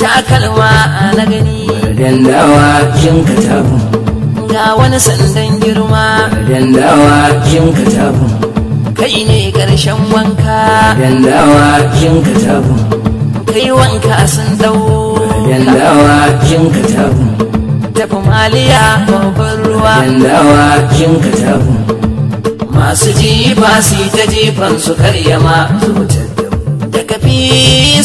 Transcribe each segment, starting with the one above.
takalma na gani dandawa kin ka tabu ga wani sandan girma dandawa kin ka tabu kai ne karshen wanka dandawa kin ka tabu kai wanka sun dawo dandawa kin ka tabu tafi maliya babban ruwa dandawa kin ka tabu masu jifa su ta jifan su karyama zubutar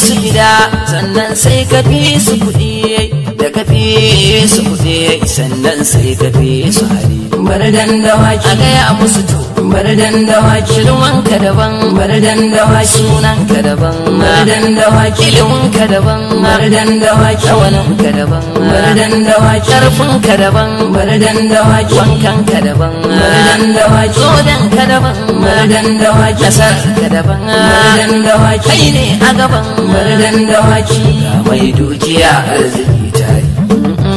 su gida sannan sai ka fi su kuɗi da ka fi su kuɗi sannan sai ka fi su hari bar dan dawaki a gaya musu to bar dan waki shirwan ka daban bar dan waki sunan ka daban bar dan waki ilimin ka daban bar dan waki tawanin ka daban bar dan waki karfin ka daban bar dan waki wankan ka daban bar dan waki zodan ka daban bar dan waki kasar ka daban bardan dawaki ne a gaban bardan dawaki mai dukiya arziki yi,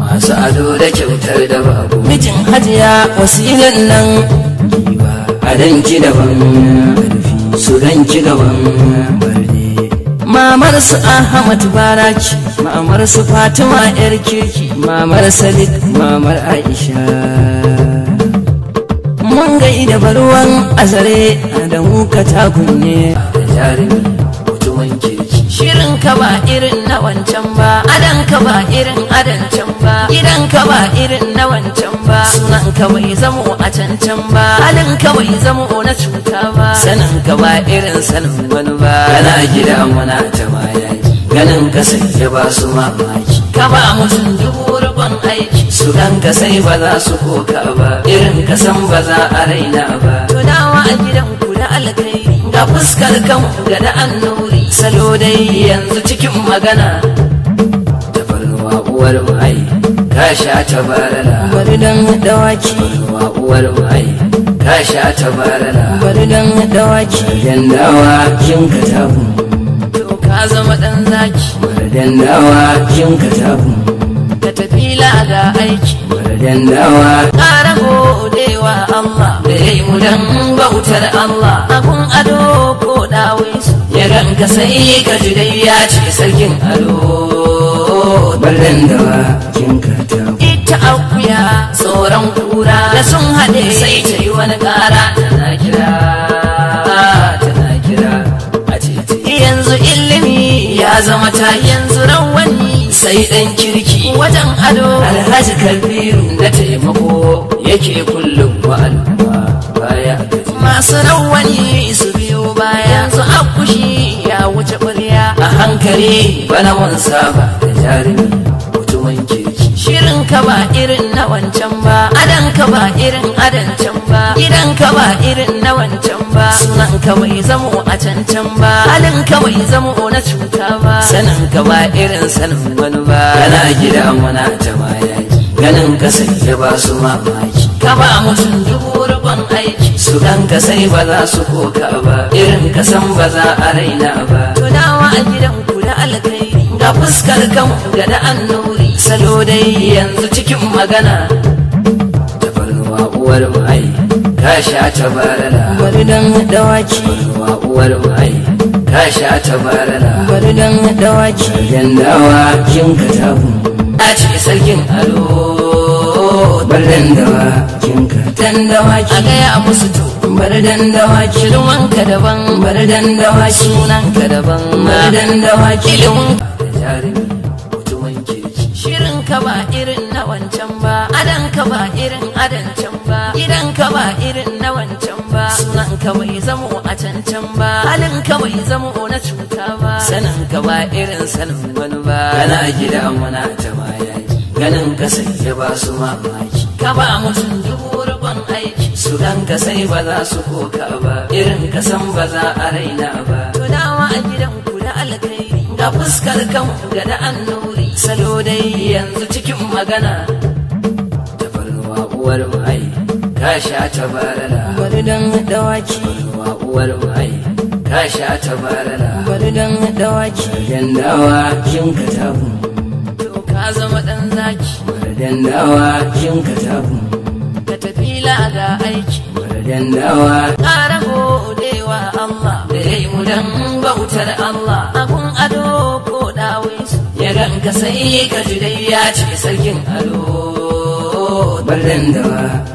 masu ado da kyautar da babu mijin hajiya wasilan nan kiwa adanki daban su danki daban barde mamar su ahmad baraki mamar su fatima yar kirki mamar salik mamar aisha mun gaida baruwan azare da muka takunye jari mutumin kirki shirin ka ba irin na wancan ba adan ka ba irin adan can ba idan ka ba irin na wancan ba sunan ka bai zamo a cancan ba halin ka bai zamo na cuta ba sanin ka ba irin sanin wani ba kana gida muna ta baya ganin ka sai ya ba su mamaki ka ba mutum dubu rubin aiki su dan ka sai ba za su koka ba irin ka san ba za a raina ba tunawa a gidan ku da alkhairi ga fuskar kan ga da annuri salo dai yanzu cikin magana da farwa uwar mai ka sha barala bari dan dawaki farwa uwar mai ka sha barala bari dan dawaki yan dawa kin ka na zama ɗan zaki waradan dawa kin ka tafi ka tafi lada aiki waradan dawa ƙara godewa Allah da ya yi mu dan bautar Allah abun ado ko ɗawinsu ya ka sai ka ji dai ya ce sarkin ado waradan dawa kin ka tafi ita akuya sauran kura da sun haɗe sai ta yi wani ƙara na kira sai dan kirki wajen ado alhaji kabiru na taimako yake kullum wa al'umma baya masu rawani su biyo baya yanzu akushi ya wuce ƙwarya a hankali bana wansa ba da jarumi mutumin kirki shirin ka ba irin na wancan ba adan ka ba irin adan ba idan ka ba irin na wancan Kawai zamu a cancan ba halin kawai zamu zamo na cuta ba sanin ka ba irin sanin wani ba kana gida muna ta ganin ka sai ba su mamaki ka ba mutum dubu rubin aiki su dan ka sai ba za su koka ba irin ka san ba za a raina ba tunawa a gidan ku da alkairi ga fuskar kan ga da annuri salo dai yanzu cikin magana farnuwa uwar mai Ka sha tabarana bari dan dawaki wa uwar uwaye Ka sha tabarana bari dan dawaki yan dawa kin ka tabu a ce sarkin alo bardan dawa kin ka dan dawaki a gaya a musu to bari dan dawaki ruwanka daban bari dan dawaki sunanka daban bari dan dawaki ilimin jarumi mutumin kirki shirin ka ba irin Adon ka ba irin adancan can ba idan ka ba irin na wancan ba Sunan ka bai zamo a cancan ba Halin ka bai zamo na cuta ba Sanin ka ba irin sanin wani ba Kana gida muna ta mayaki Ganin ka sai ya ba su mamaki Ka ba mutum dubu aiki Su dan ka sai ba za su koka ba Irin ka san ba za a raina ba To dama a gidan ku da alkhairi. Ga fuskar kan ga da annuri Salo dai yanzu cikin magana uwar mu ta sha tabarana bari dan dawaki wa uwar mu ta sha tabarana bari dan dawaki dan dawa kin ka tabu to ka zama dan zaki bari dan dawa kin ka tabu ka tafi lada aiki bari dan dawa ƙara godewa Allah da yayi mu dan bautar Allah abun ado ko dawai ya ranka sai ka ji dai ya ci sarkin ado balan da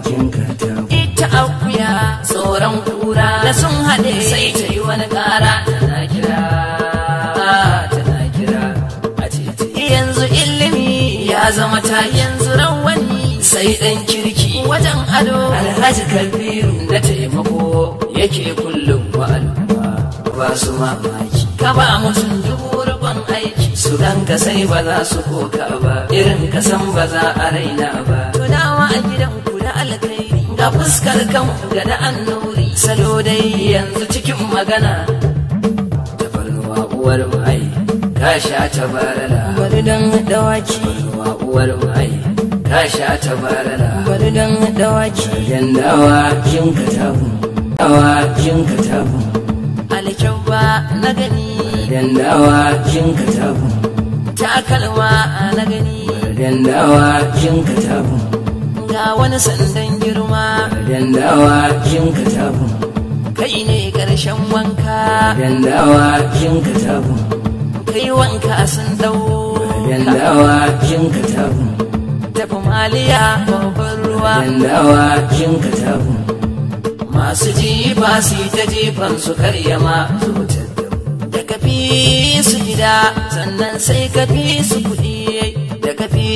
jinka ta ita akuya tsoron kura da sun haɗe sai ta yi wani ƙara tana kira tana kira a titi yanzu ilimi ya zama ta yanzu rawani sai ɗan kirki wajen ado alhaji kabiru na taimako yake kullum wa al'umma ba su mamaki ka ba mutum dubu su ka sai ba za su koka ba irin ka san ba za a raina ba tunawa a gidan ku da alkhairi ga fuskar kan ga da annuri salo dai yanzu cikin magana farnuwa uwar mai ka sha barala bari dan dawaki farnuwa uwar mai ka sha barala bari dan dawaki dawa kin ka tabu dawa kin ka tabu alkyau ba na gani dandawa shinka tabu takalma na gani dandawa shinka tabu ga wani sandan girma dandawa shinka tabu kai ne karshen wanka dandawa shinka tabu kai wanka sun dawo dandawa shinka tabu tafi maliya babban ruwa dandawa shinka tabu masu ji ba su ta jefan su karya ma zuta su gida sannan sai ka fi su kuɗi da ka fi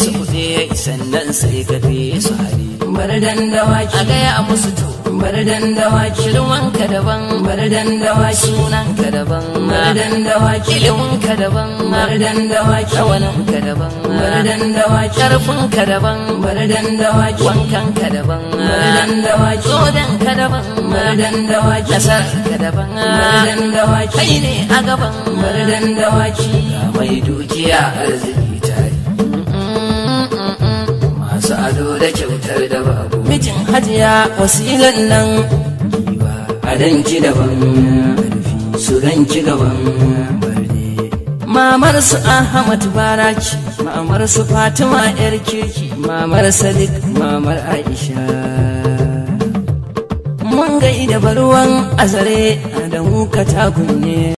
su kuɗi sannan sai ka fi su hari bar dan dawaki a gaya musu to bar dandawa kirwan ka daban bar dandawa sunan ka daban bar dandawa kilin ka daban bar dandawa kyawalan ka daban bar dandawa karfin ka daban bar dandawa wankan ka daban bar dandawa tsodan ka daban bar dandawa kasar ka daban bar dandawa kai ne a gaban bar dandawa ki mai dukiya arziki tare masu ado da kyautar da babu mijin hajiya wasilan nan adan ki daban su ki gaban mamar su ahmad baraki mamar su fatima yar kirki mamar sadiq mamar aisha mun ida baruwan azare da ta kunne.